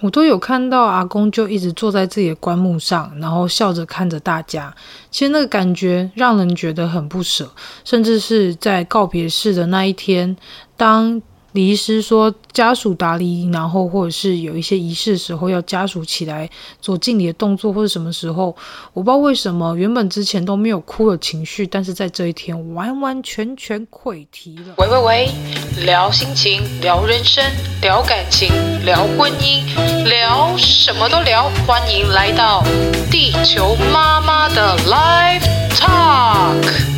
我都有看到阿公就一直坐在自己的棺木上，然後笑着看着大家。其實那個感覺讓人覺得很不舍，甚至是在告別式的那一天，當，李醫師說，家屬打理，然後或者是有一些儀式的時候，要家屬起來做敬禮的動作，或者什麼時候，我不知道為什麼，原本之前都沒有哭的情緒，但是在這一天完完全全潰堤了。喂喂喂，聊心情，聊人生，聊感情，聊婚姻，聊什麼都聊，歡迎來到地球媽媽的 Life Talk。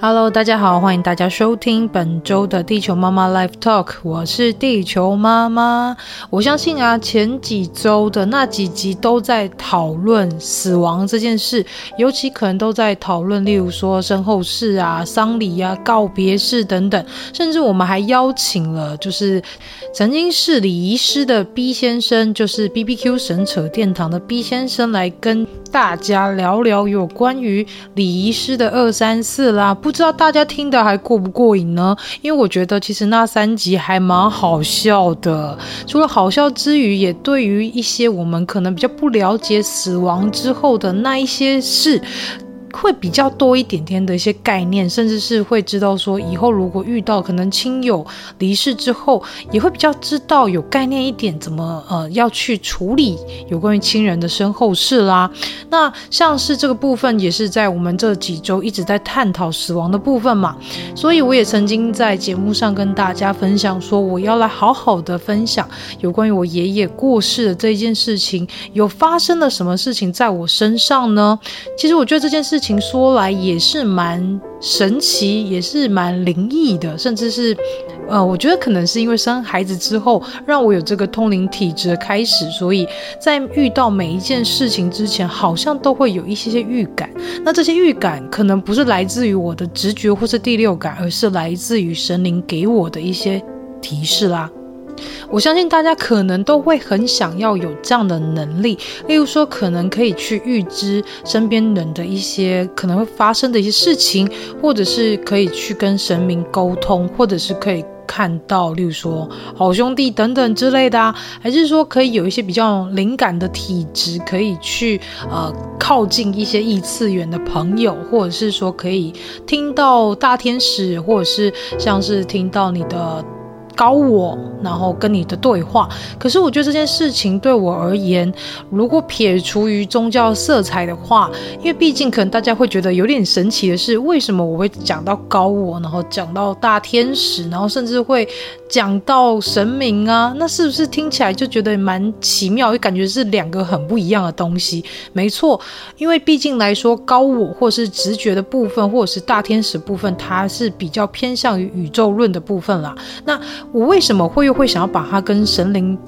Hello，大家好，歡迎大家收聽本周的地球媽媽 Life Talk。我是地球媽媽。我相信啊，前幾周的那幾集都在討論死亡這件事，尤其可能都在討論，例如說身後事啊、喪禮啊、告別式等等。甚至我們還邀請了，就是曾經是禮儀師的 B 先生，就是 B B Q 神扯殿堂的 B 先生，來跟大家聊聊有關於禮儀師的二三四啦。不不知道大家聽得還過不過癮呢？因為我覺得其實那三集還蠻好笑的，除了好笑之餘，也對於一些我們可能比較不了解死亡之後的那一些事。會比較多一點點的一些概念，甚至是會知道說，以後如果遇到可能親友離世之後，也會比較知道有概念一點，怎麼呃要去處理有關於親人的身後事啦。那像是這個部分，也是在我們這幾周一直在探討死亡的部分嘛。所以我也曾經在節目上跟大家分享，說我要來好好的分享有關於我爺爺過世的這件事情，有發生了什麼事情在我身上呢？其實我覺得這件事情。情說來也是蠻神奇，也是蠻靈異的，甚至是，呃，我覺得可能是因為生孩子之後讓我有這個通靈體質的開始，所以在遇到每一件事情之前，好像都會有一些些預感。那這些預感可能不是來自於我的直覺或是第六感，而是來自於神靈給我的一些提示啦。我相信大家可能都會很想要有這樣的能力，例如說，可能可以去預知身邊人的一些可能會發生的一些事情，或者是可以去跟神明溝通，或者是可以看到，例如說好兄弟等等之類的、啊，還是說可以有一些比較靈感的體質，可以去呃靠近一些異次元的朋友，或者是說可以聽到大天使，或者是像是聽到你的。高我，然後跟你的對話。可是我覺得這件事情對我而言，如果撇除於宗教色彩的話，因為畢竟可能大家會覺得有點神奇的是，為什麼我會講到高我，然後講到大天使，然後甚至會講到神明啊？那是不是聽起來就覺得蠻奇妙，會感覺是兩個很不一樣的東西？沒錯，因為畢竟來說，高我或是直覺的部分，或者是大天使部分，它是比較偏向於宇宙論的部分啦。那我為什麼會又會想要把它跟神靈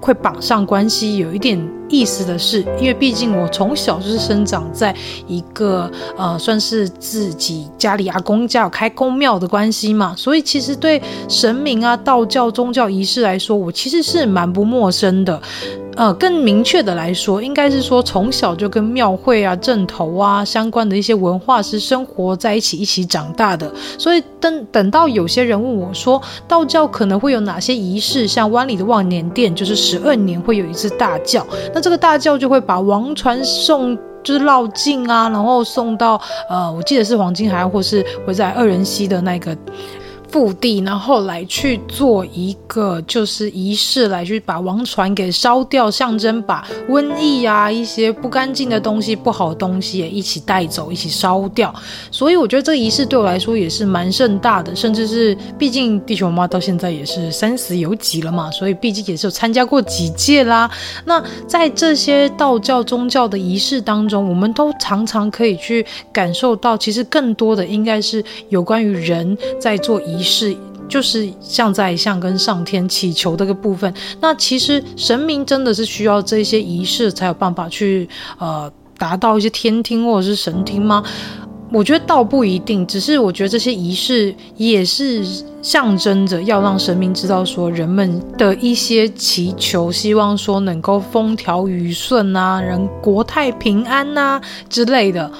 會綁上關係，有一點意思的是，因為畢竟我從小就是生長在一個呃，算是自己家裡阿公家有開宮廟的關係嘛，所以其實對神明啊、道教宗教儀式來說，我其實是蠻不陌生的。呃，更明確的來說，應該是說從小就跟廟會啊、陣頭啊相關的一些文化是生活在一起、一起長大的。所以等等到有些人問我說，道教可能會有哪些儀式？像灣裡的萬年殿就是十二年會有一次大醮。那這個大醮就會把王船送，就是繞境啊，然後送到呃，我記得是黃金海，或是會在二仁溪的那個。腹地，然後來去做一個就是儀式，來去把王船給燒掉，象徵把瘟疫啊一些不乾淨的東西、不好的東西也一起帶走，一起燒掉。所以我覺得這個儀式對我來說也是蠻盛大的，甚至是畢竟地球媽媽到現在也是三十有幾了嘛，所以畢竟也是有參加過幾屆啦。那在這些道教宗教的儀式當中，我們都常常可以去感受到，其實更多的應該是有關於人在做儀式。是，就是像在向跟上天祈求這個部分。那其實神明真的是需要這些儀式才有辦法去呃達到一些天聽或者是神聽嗎？我覺得倒不一定，只是我覺得這些儀式也是象徵着要讓神明知道說人們的一些祈求，希望說能夠風調雨順啊，人國泰平安啊之類的。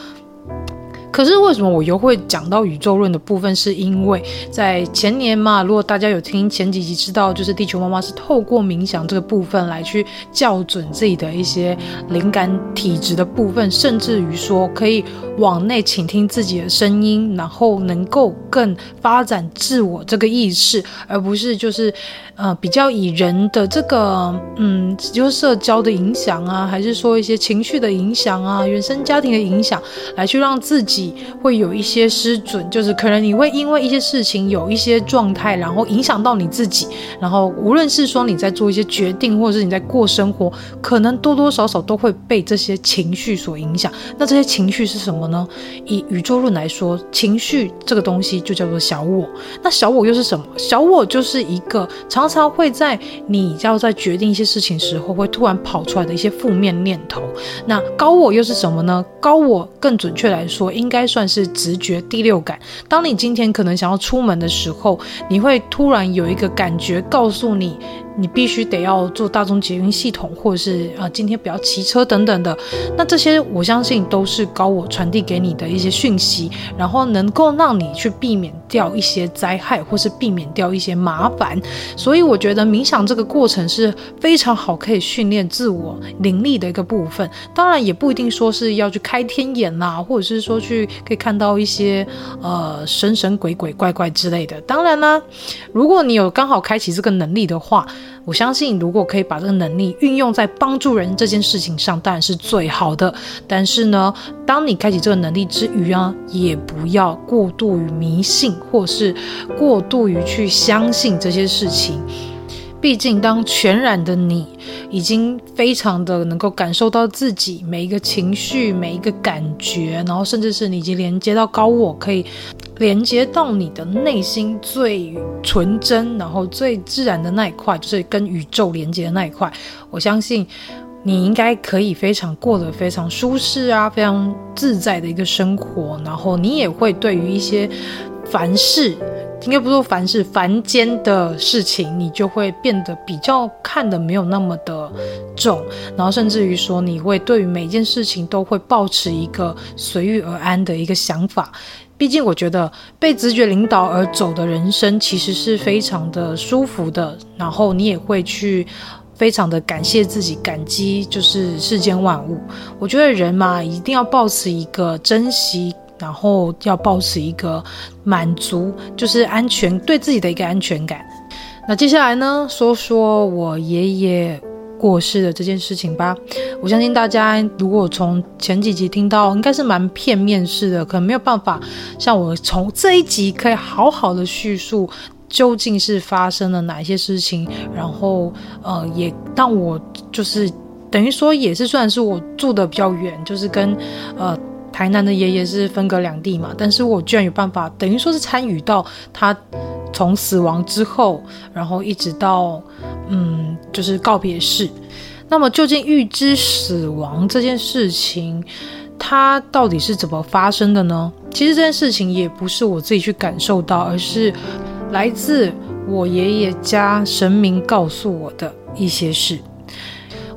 可是為什麼我又會講到宇宙論的部分？是因為在前年嘛，如果大家有聽前幾集，知道就是地球媽媽是透過冥想這個部分來去校準自己的一些靈感、體質的部分，甚至於說可以往內傾聽自己的聲音，然後能夠更發展自我這個意識，而不是就是呃比較以人的這個嗯，就是社交的影響啊，還是說一些情緒的影響啊，原生家庭的影響來去讓自己。會有一些失準，就是可能你會因為一些事情有一些狀態，然後影響到你自己，然後無論是說你在做一些決定，或者是你在過生活，可能多多少少都會被這些情緒所影響。那這些情緒是什麼呢？以宇宙論來說，情緒這個東西就叫做小我。那小我又是什麼？小我就是一個常常會在你要在決定一些事情時候，會突然跑出來的一些負面念頭。那高我又是什麼呢？高我更準確來說，應該。應該算是直覺、第六感。當你今天可能想要出門的時候，你會突然有一個感覺告訴你。你必須得要做大眾捷運系統，或者是呃，今天不要騎車等等的。那這些我相信都是高我傳遞給你的一些訊息，然後能夠讓你去避免掉一些災害，或是避免掉一些麻煩。所以我覺得冥想這個過程是非常好，可以訓練自我靈力的一個部分。當然也不一定說是要去開天眼啦，或者是說去可以看到一些呃神神鬼鬼怪怪之類的。當然啦，如果你有剛好開啟這個能力的話。我相信，如果可以把這個能力運用在幫助人這件事情上，當然是最好的。但是呢，當你開啟這個能力之餘啊，也不要過度於迷信或是過度於去相信這些事情。畢竟，當全然的你已經非常的能夠感受到自己每一個情緒、每一個感覺，然後甚至是你已經連接到高我，可以，連接到你的內心最純真，然後最自然的那一塊，就是跟宇宙連接的那一塊。我相信你應該可以非常過得非常舒適啊，非常自在的一個生活。然後你也會對於一些凡事，應該不說凡事，凡間的事情，你就會變得比較看得沒有那麼的重。然後甚至於說，你會對於每件事情都會抱持一個隨遇而安的一個想法。畢竟，我覺得被直覺領導而走的人生，其實是非常的舒服的。然後你也會去非常的感謝自己，感激就是世間萬物。我覺得人嘛，一定要保持一個珍惜，然後要保持一個滿足，就是安全，對自己的一個安全感。那接下來呢，說說我爺爺，過世的這件事情吧，我相信大家如果從前幾集聽到，應該是蠻片面式的，可能沒有辦法像我從這一集可以好好的敘述究竟是發生了哪一些事情，然後呃也讓我就是等於說也是算，是我住得比較遠，就是跟呃台南的爺爺是分隔兩地嘛，但是我居然有辦法等於說是參與到他，從死亡之後，然後一直到嗯，就是告別式。那麼，究竟預知死亡這件事情，它到底是怎麼發生的呢？其實這件事情也不是我自己去感受到，而是來自我爺爺家神明告訴我的一些事。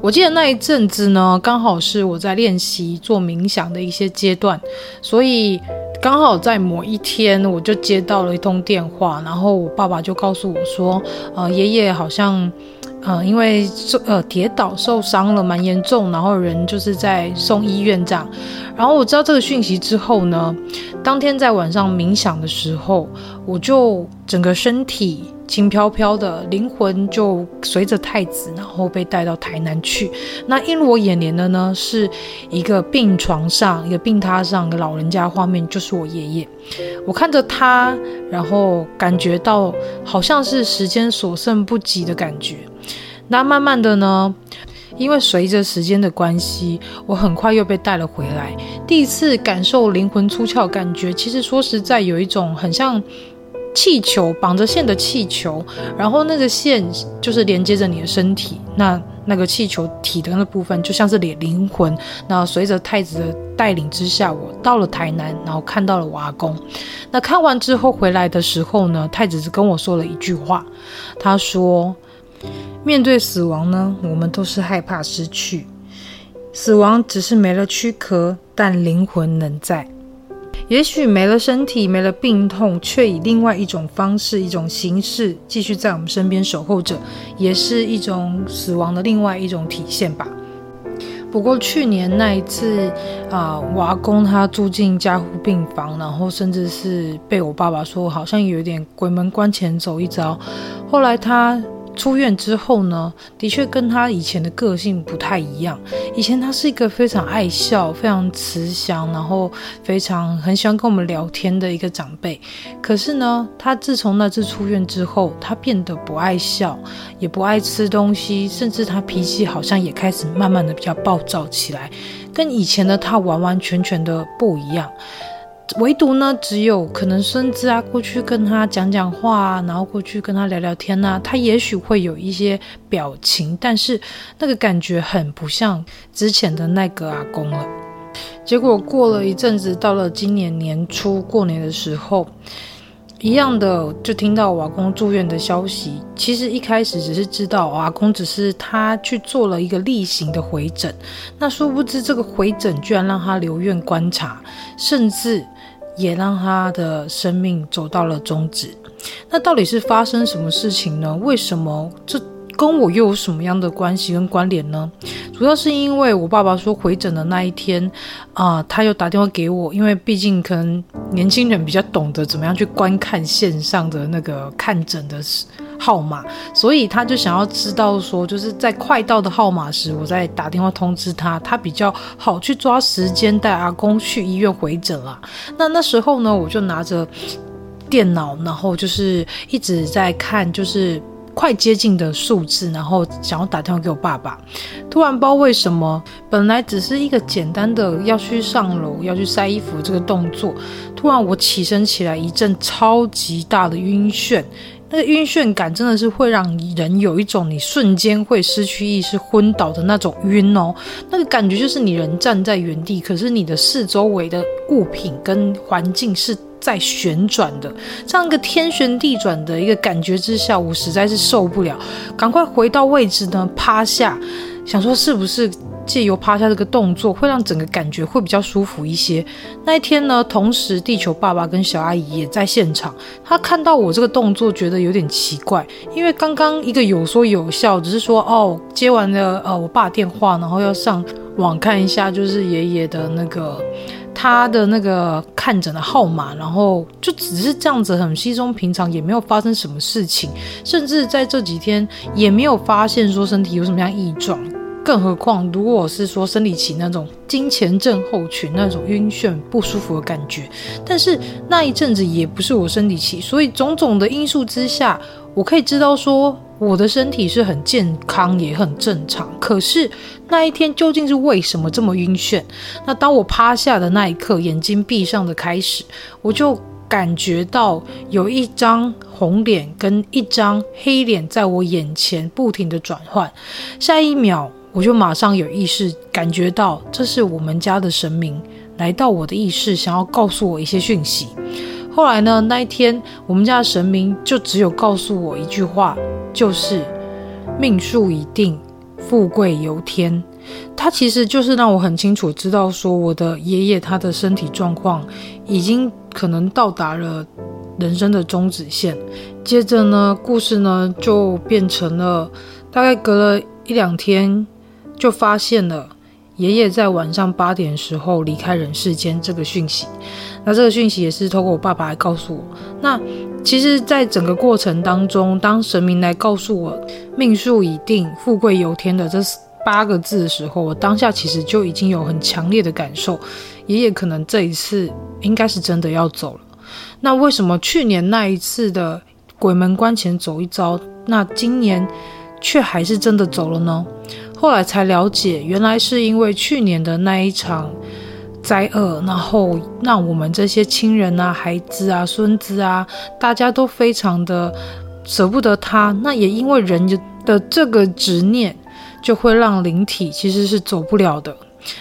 我記得那一陣子呢，剛好是我在練習做冥想的一些階段，所以剛好在某一天，我就接到了一通電話，然後我爸爸就告訴我說，呃，爺爺好像，呃，因為呃跌倒受傷了，蠻嚴重，然後人就是在送醫院這樣。然後我知道這個訊息之後呢，當天在晚上冥想的時候，我就整個身體。輕飄飄的靈魂就隨着太子，然後被帶到台南去。那映入我眼簾的呢，是一個病床上，一個病榻上的老人家畫面，就是我爺爺。我看着他，然後感覺到好像是時間所剩不及的感覺。那慢慢的呢，因為隨着時間的關係，我很快又被帶了回來。第一次感受靈魂出竅的感覺，其實說實在，有一種很像，氣球綁着線的氣球，然後那個線就是連接着你的身體。那那個氣球體的那部分就像是你的靈魂。那隨着太子的帶領之下，我到了台南，然後看到了阿公。那看完之後回來的時候呢，太子跟我說了一句話。他說：“面對死亡呢，我們都是害怕失去。死亡只是沒了軀殼，但靈魂仍在。”也許沒了身體，沒了病痛，卻以另外一種方式、一種形式繼續在我們身邊守候着，也是一種死亡的另外一種體現吧。不過去年那一次，啊、呃，阿公他住進加護病房，然後甚至是被我爸爸說好像有點鬼門關前走一遭。後來他。出院之後呢，的確跟他以前的個性不太一樣。以前他是一個非常愛笑、非常慈祥，然後非常很喜歡跟我們聊天的一個長輩。可是呢，他自從那次出院之後，他變得不愛笑，也不愛吃東西，甚至他脾氣好像也開始慢慢的比較暴躁起來，跟以前的他完完全全的不一樣。唯獨呢，只有可能孫子啊過去跟他講講話啊，然後過去跟他聊聊天啊，他也許會有一些表情，但是那個感覺很不像之前的那個阿公了。結果過了一陣子，到了今年年初過年的時候，一樣的就聽到阿公住院的消息。其實一開始只是知道阿公只是他去做了一個例行的回診，那殊不知這個回診居然讓他留院觀察，甚至。也讓他的生命走到了終止。那到底是發生什麼事情呢？為什麼這跟我又有什麼樣的關係跟關聯呢？主要是因為我爸爸說回診的那一天，啊、呃，他又打電話給我，因為畢竟可能年輕人比較懂得怎麼樣去觀看線上的那個看診的事。號碼，所以他就想要知道說，就是在快到的號碼時，我再打電話通知他，他比較好去抓時間帶阿公去醫院回診啊。那那時候呢，我就拿着電腦，然後就是一直在看，就是快接近的數字，然後想要打電話給我爸爸。突然不知道為什麼，本來只是一個簡單的要去上樓、要去塞衣服這個動作，突然我起身起來，一陣超級大的暈眩。那個暈眩感真的是會讓人有一種你瞬間會失去意識、昏倒的那種暈哦，那個感覺就是你人站在原地，可是你的四周圍的物品跟環境是在旋轉的，這樣一個天旋地轉的一個感覺之下，我實在是受不了，趕快回到位置呢，趴下，想說是不是？借由趴下這個動作，會讓整個感覺會比較舒服一些。那一天呢，同時地球爸爸跟小阿姨也在現場。他看到我這個動作，覺得有點奇怪，因為剛剛一個有說有笑，只是說哦，接完了呃我爸電話，然後要上網看一下就是爺爺的那個他的那個看診的號碼，然後就只是這樣子很稀鬆平常，也沒有發生什麼事情，甚至在這幾天也沒有發現說身體有什麼樣異狀。更何況，如果我是說生理期那種經前症候群那種暈眩不舒服的感覺，但是那一陣子也不是我生理期，所以種種的因素之下，我可以知道說我的身體是很健康也很正常。可是那一天究竟是為什麼這麼暈眩？那當我趴下的那一刻，眼睛閉上的開始，我就感覺到有一張紅臉跟一張黑臉在我眼前不停的轉換，下一秒。我就馬上有意識感覺到，這是我們家的神明來到我的意識，想要告訴我一些訊息。後來呢，那一天我們家的神明就只有告訴我一句話，就是“命數已定，富貴由天”。他其實就是讓我很清楚知道說，我的爺爺他的身體狀況已經可能到達了人生的終止線。接着呢，故事呢就變成了大概隔了一兩天。就發現了爺爺在晚上八點的時候離開人世間這個訊息。那這個訊息也是透過我爸爸來告訴我。那其實，在整個過程當中，當神明來告訴我“命數已定，富貴由天”的這八個字的時候，我當下其實就已經有很強烈的感受：爺爺可能這一次應該是真的要走了。那為什麼去年那一次的鬼門關前走一遭，那今年卻還是真的走了呢？後來才了解，原來是因為去年的那一場災厄，然後讓我們這些親人啊、孩子啊、孫子啊，大家都非常的舍不得他。那也因為人的這個執念，就會讓靈體其實是走不了的。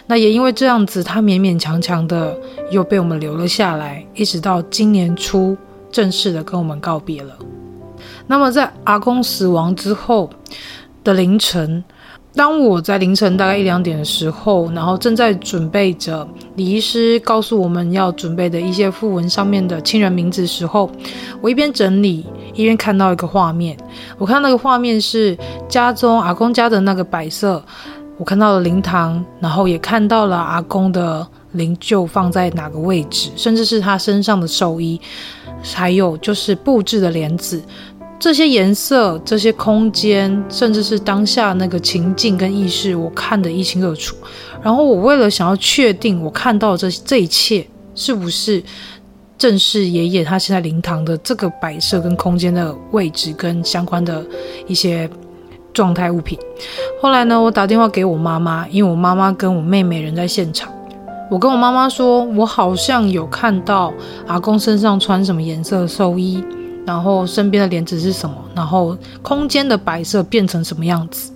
那也因為這樣子，他勉勉強強的又被我們留了下來，一直到今年初正式的跟我們告別了。那麼在阿公死亡之後的凌晨，當我在凌晨大概一兩點的時候，然後正在準備着李醫師告訴我們要準備的一些符文上面的親人名字時候，我一邊整理一邊看到一個畫面。我看那個畫面是家中阿公家的那個擺設，我看到了靈堂，然後也看到了阿公的靈柩放在哪個位置，甚至是他身上的壽衣，還有就是布置的簾子。這些顏色、這些空間，甚至是當下那個情境跟意識，我看得一清二楚。然後我為了想要確定我看到的這這一切是不是正是爺爺他現在靈堂的這個擺設跟空間的位置跟相關的一些狀態物品，後來呢，我打電話給我媽媽，因為我媽媽跟我妹妹人在現場。我跟我媽媽說，我好像有看到阿公身上穿什麼顏色的壽衣。然後身邊的簾子是什麼？然後空間的白色變成什麼樣子？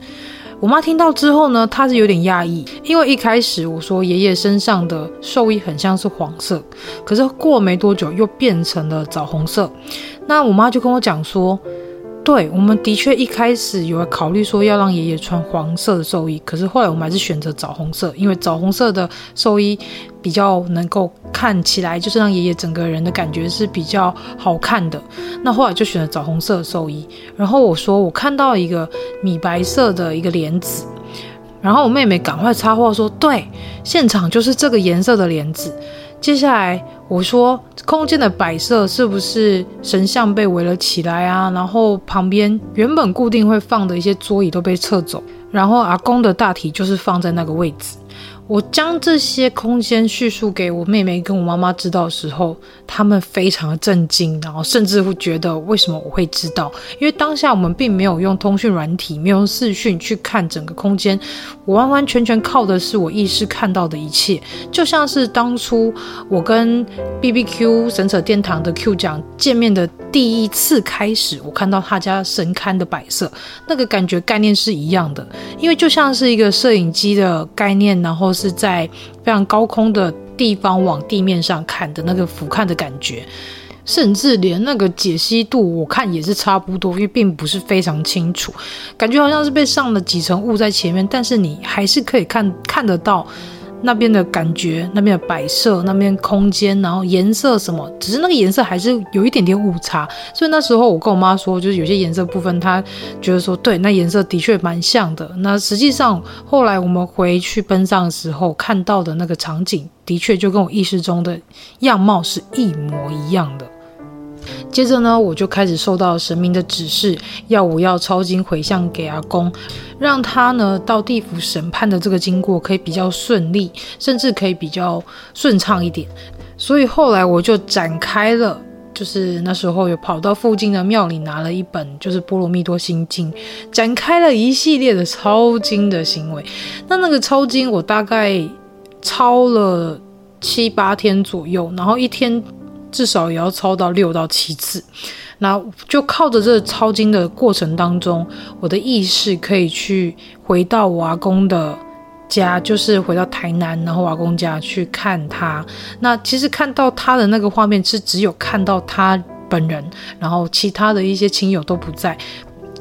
我媽聽到之後呢，她是有點訝異，因為一開始我說爺爺身上的壽衣很像是黃色，可是過沒多久又變成了棗紅色，那我媽就跟我講說。對，我們的確一開始有考慮說要讓爺爺穿黃色的壽衣，可是後來我們還是選擇棗紅色，因為棗紅色的壽衣比較能夠看起來就是讓爺爺整個人的感覺是比較好看的。那後來就選擇棗紅色的壽衣。然後我說我看到一個米白色的一個簾子，然後我妹妹趕快插話說，對，現場就是這個顏色的簾子。接下來我說，空間的擺設是不是神像被圍了起來啊？然後旁邊原本固定會放的一些桌椅都被撤走，然後阿公的大體就是放在那個位置。我將這些空間敘述給我妹妹跟我媽媽知道的時候，他們非常的震驚，然後甚至會覺得為什麼我會知道？因為當下我們並沒有用通訊軟體，沒有用視訊去看整個空間，我完完全全靠的是我意識看到的一切，就像是當初我跟 B B Q 神社殿堂的 Q 講見面的第一次開始，我看到他家神龕的擺設，那個感覺概念是一樣的，因為就像是一個攝影機的概念。然後是在非常高空的地方往地面上看的那個俯瞰的感覺，甚至連那個解析度我看也是差不多，因為並不是非常清楚，感覺好像是被上了幾層霧在前面，但是你還是可以看看得到。那邊的感覺，那邊的擺設，那邊空間，然後顏色什麼，只是那個顏色還是有一點點誤差。所以那時候我跟我媽說，就是有些顏色部分，她覺得說，對，那顏色的確蠻像的。那實際上後來我們回去奔喪的時候看到的那個場景，的確就跟我意識中的樣貌是一模一樣的。接着呢，我就開始受到神明的指示，要我要抄經回向給阿公，讓他呢到地府審判的這個經過可以比較順利，甚至可以比較順暢一點。所以後來我就展開了，就是那時候有跑到附近的廟裡拿了一本，就是《波羅蜜多心經》，展開了一系列的抄經的行為。那那個抄經，我大概抄了七八天左右，然後一天。至少也要抄到六到七次，那就靠着這抄經的過程當中，我的意識可以去回到我阿公的家，就是回到台南，然後阿公家去看他。那其實看到他的那個畫面是只有看到他本人，然後其他的一些親友都不在，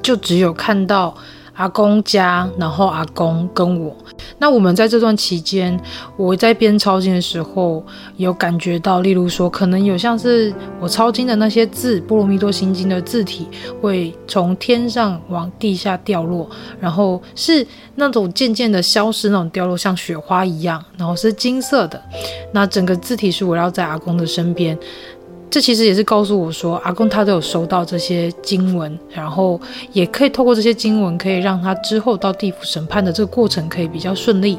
就只有看到。阿公家，然後阿公跟我，那我們在這段期間，我在編抄經的時候，有感覺到，例如說，可能有像是我抄經的那些字，《波羅蜜多心經》的字體，會從天上往地下掉落，然後是那種漸漸的消失，那種掉落像雪花一樣，然後是金色的，那整個字體是圍繞在阿公的身邊。這其實也是告訴我說，阿公他都有收到這些經文，然後也可以透過這些經文，可以讓他之後到地府審判的這個過程可以比較順利。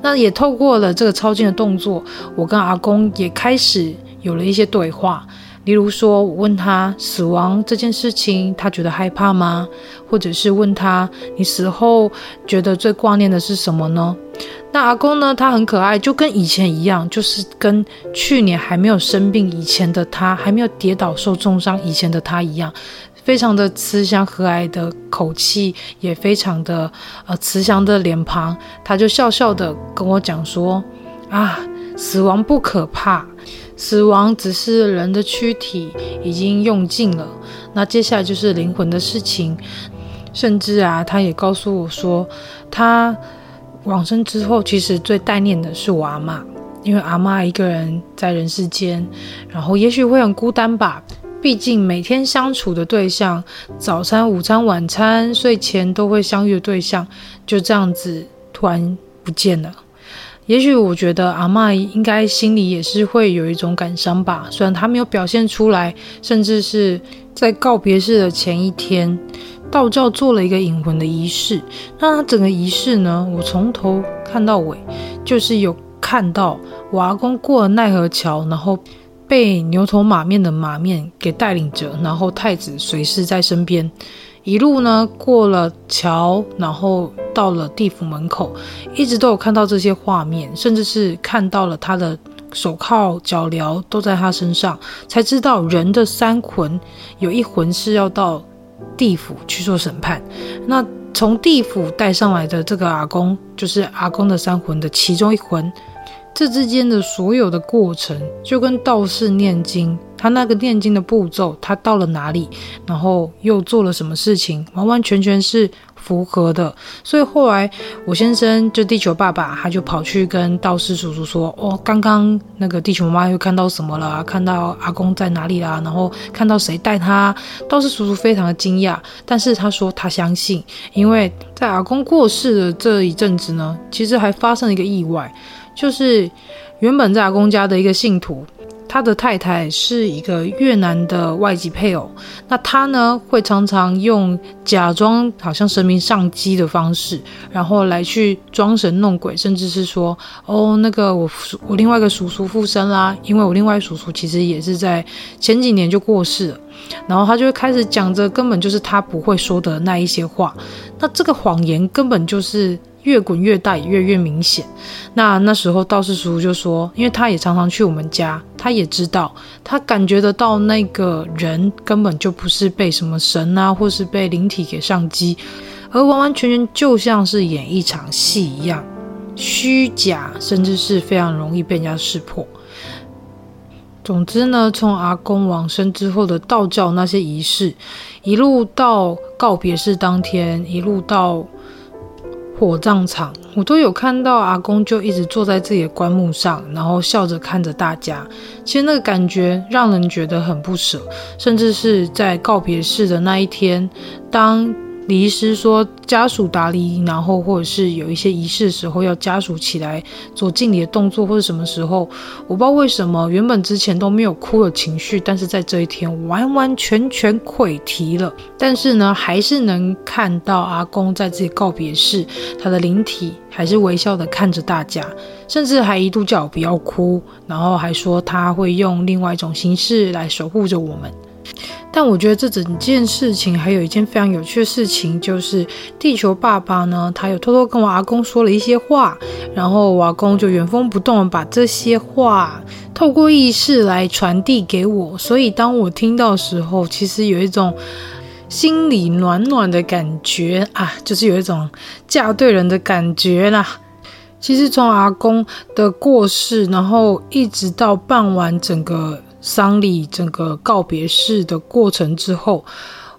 那也透過了這個抄經的動作，我跟阿公也開始有了一些對話，例如說，我問他死亡這件事情，他覺得害怕嗎？或者是問他，你死後覺得最掛念的是什麼呢？那阿公呢？他很可愛，就跟以前一樣，就是跟去年還沒有生病以前的他，還沒有跌倒受重傷以前的他一樣，非常的慈祥和藹的口氣，也非常的呃慈祥的臉龐。他就笑笑的跟我講說：“啊，死亡不可怕，死亡只是人的軀體已經用盡了，那接下來就是靈魂的事情。甚至啊，他也告訴我說他。”往生之後，其實最悼念的是我阿媽，因為阿媽一個人在人世間，然後也許會很孤單吧。畢竟每天相處的對象，早餐、午餐、晚餐、睡前都會相遇的對象，就這樣子突然不見了。也許我覺得阿媽應該心裡也是會有一種感傷吧，雖然她沒有表現出來，甚至是在告別式的前一天。道教做了一個引魂的儀式，那他整個儀式呢，我從頭看到尾，就是有看到我阿公過了奈何橋，然後被牛頭馬面的馬面給帶領着，然後太子隨侍在身邊，一路呢過了橋，然後到了地府門口，一直都有看到這些畫面，甚至是看到了他的手銬腳鐐都在他身上，才知道人的三魂有一魂是要到。地府去做審判，那從地府帶上來的這個阿公，就是阿公的三魂的其中一魂，這之間的所有的過程，就跟道士念經，他那個念經的步驟，他到了哪裡，然後又做了什麼事情，完完全全是符合的，所以後來我先生就地球爸爸，他就跑去跟道士叔叔說：“哦，剛剛那個地球媽媽又看到什麼了？看到阿公在哪裡啦？然後看到誰帶他？”道士叔叔非常的驚訝，但是他說他相信，因為在阿公過世的這一陣子呢，其實還發生了一個意外，就是原本在阿公家的一個信徒。他的太太是一個越南的外籍配偶，那他呢，會常常用假裝好像神明上乩的方式，然後來去裝神弄鬼，甚至是說哦，那個我我另外一個叔叔附身啦，因為我另外一個叔叔其實也是在前幾年就過世了，然後他就會開始講着根本就是他不會說的那一些話，那這個謊言根本就是。越滾越大，也越越明顯。那那時候道士叔叔就說，因為他也常常去我們家，他也知道，他感覺得到那個人根本就不是被什麼神啊，或是被靈體給上機，而完完全全就像是演一場戲一樣，虛假，甚至是非常容易被人家識破。總之呢，從阿公往生之後的道教那些儀式，一路到告別式當天，一路到。火葬場，我都有看到阿公就一直坐在自己的棺木上，然後笑着看着大家。其實那個感覺讓人覺得很不捨，甚至是在告別式的那一天，當李醫師說，家屬打理，然後或者是有一些儀式的時候，要家屬起來做敬禮的動作，或者什麼時候，我不知道為什麼，原本之前都沒有哭的情緒，但是在這一天完完全全潰堤了。但是呢，還是能看到阿公在自己告別式，他的靈體還是微笑的看着大家，甚至還一度叫我不要哭，然後還說他會用另外一種形式來守護着我們。但我覺得這整件事情還有一件非常有趣的事情，就是地球爸爸呢，他有偷偷跟我阿公說了一些話，然後我阿公就原封不動的把這些話透過意識來傳遞給我，所以當我聽到的時候，其實有一種心裡暖暖的感覺啊，就是有一種嫁對人的感覺啦。其實從阿公的過世，然後一直到辦完整個喪禮整個告別式的過程之後，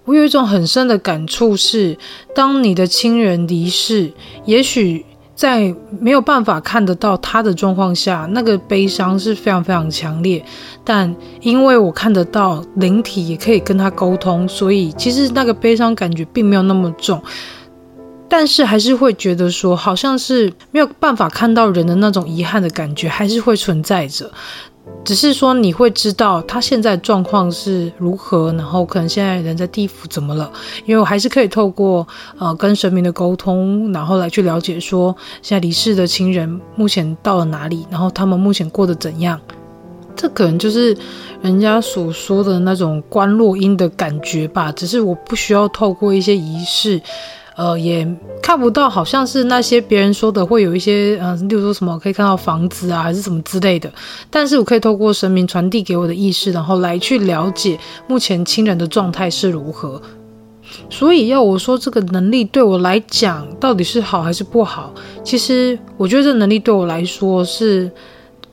我有一種很深的感觸是：當你的親人離世，也許在沒有辦法看得到他的狀況下，那個悲傷是非常非常強烈。但因為我看得到靈體，也可以跟他溝通，所以其實那個悲傷感覺並沒有那麼重。但是還是會覺得說，好像是沒有辦法看到人的那種遺憾的感覺，還是會存在着。只是說你會知道他現在狀況是如何，然後可能現在人在地府怎麼了，因為我還是可以透過呃跟神明的溝通，然後來去了解說現在離世的親人目前到了哪裡，然後他們目前過得怎樣。這可能就是人家所說的那種觀落陰的感覺吧。只是我不需要透過一些儀式。呃，也看不到，好像是那些別人說的會有一些，嗯、呃，例如說什麼可以看到房子啊，還是什麼之類的。但是我可以透過神明傳遞給我的意識，然後來去了解目前親人的狀態是如何。所以要我說這個能力對我來講到底是好還是不好，其實我覺得這能力對我來說是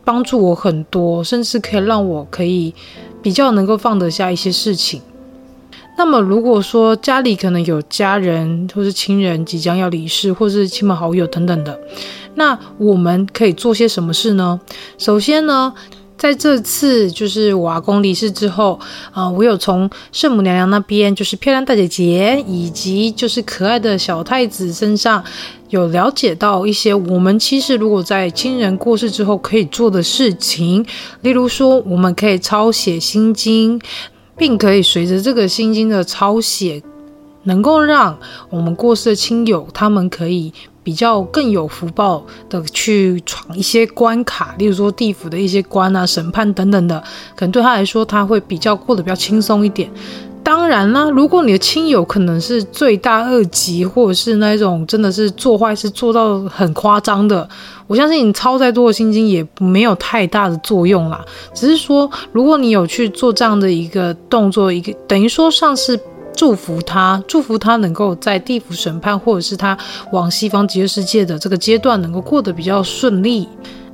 幫助我很多，甚至可以讓我可以比較能夠放得下一些事情。那麼，如果說家裡可能有家人或是親人即將要離世，或是親朋好友等等的，那我們可以做些什麼事呢？首先呢，在這次就是阿公離世之後，啊、呃，我有從聖母娘娘那邊，就是漂亮大姐姐以及就是可愛的小太子身上，有了解到一些我們其實如果在親人過世之後可以做的事情，例如說，我們可以抄寫心經。並可以隨着這個心經的抄寫，能夠讓我們過世的親友，他們可以比較更有福報的去闖一些關卡，例如說地府的一些關啊、審判等等的，可能對他來說，他會比較過得比較輕鬆一點。當然啦，如果你的親友可能是罪大惡極，或者是那種真的是做壞事做到很誇張的，我相信你抄再多的心經也沒有太大的作用啦。只是說，如果你有去做這樣的一個動作，一個等於說算是祝福他，祝福他能夠在地府審判，或者是他往西方極樂世界的這個階段能夠過得比較順利。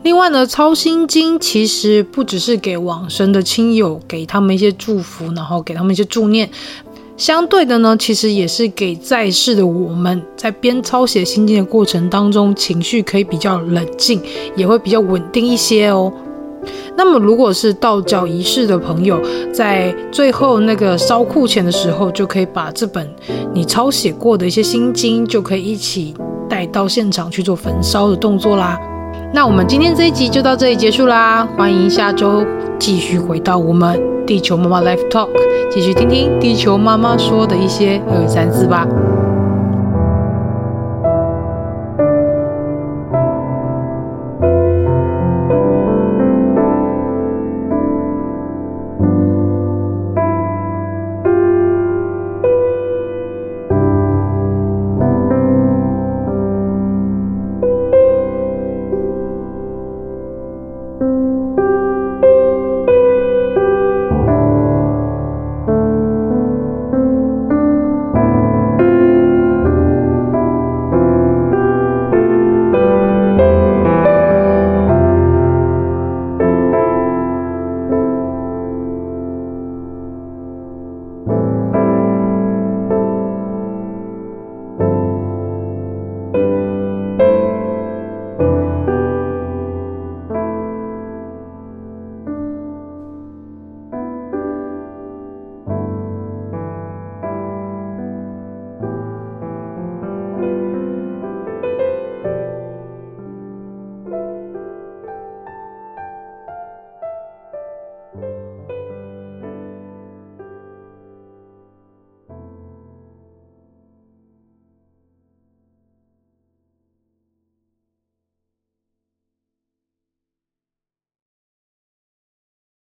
另外呢，抄心經其實不只是給往生的親友，給他們一些祝福，然後給他們一些助念。相對的呢，其實也是給在世的我們，在邊抄寫心經的過程當中，情緒可以比較冷靜，也會比較穩定一些哦。那麼如果是道教儀式的朋友，在最後那個燒庫錢的時候，就可以把這本你抄寫過的一些心經，就可以一起帶到現場去做焚燒的動作啦。那我們今天這一集就到這裡結束啦，歡迎下周繼續回到我們地球媽媽 Life Talk，繼續聽聽地球媽媽說的一些二三事吧。